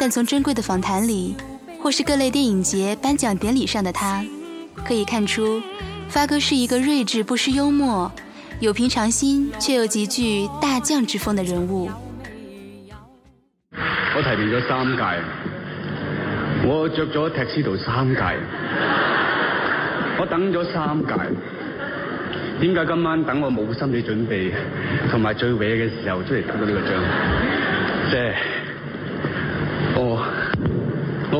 但從珍貴的訪談裏，或是各類電影節頒獎典禮上的他，可以看出，發哥是一個睿智不失幽默，有平常心卻又極具大將之風的人物。我提名咗三屆，我着咗踢死兔三屆，我等咗三屆，點解今晚等我冇心理準備，同埋最尾嘅時候出嚟得到呢個獎？即係。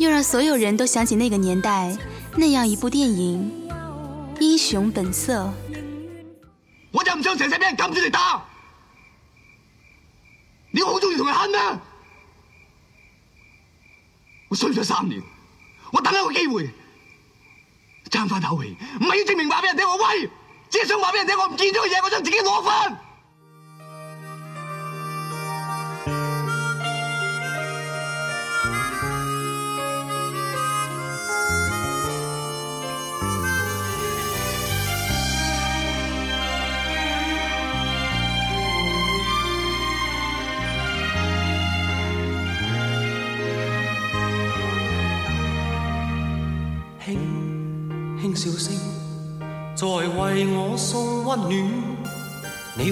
又讓所有人都想起那個年代，那樣一部電影《英雄本色》。我就唔想成世俾人夾住嚟打，你好锺意同人恨咩？我衰咗三年，我等一個機會，爭翻口氣，唔係要證明話俾人聽我威，只係想話俾人聽我唔見咗嘅嘢，我想自己攞翻。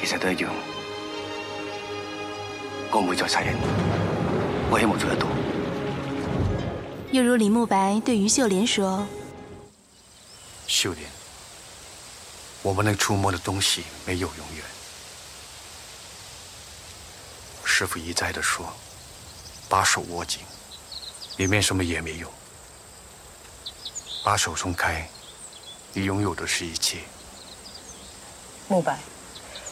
其實都一樣，我唔會再殺人，我希望做得到。又如李慕白對于秀蓮說：秀蓮，我們能觸摸的東西沒有永遠。師父一再的說：把手握緊，裏面什麼也沒有；把手鬆開，你擁有的是一切。慕白。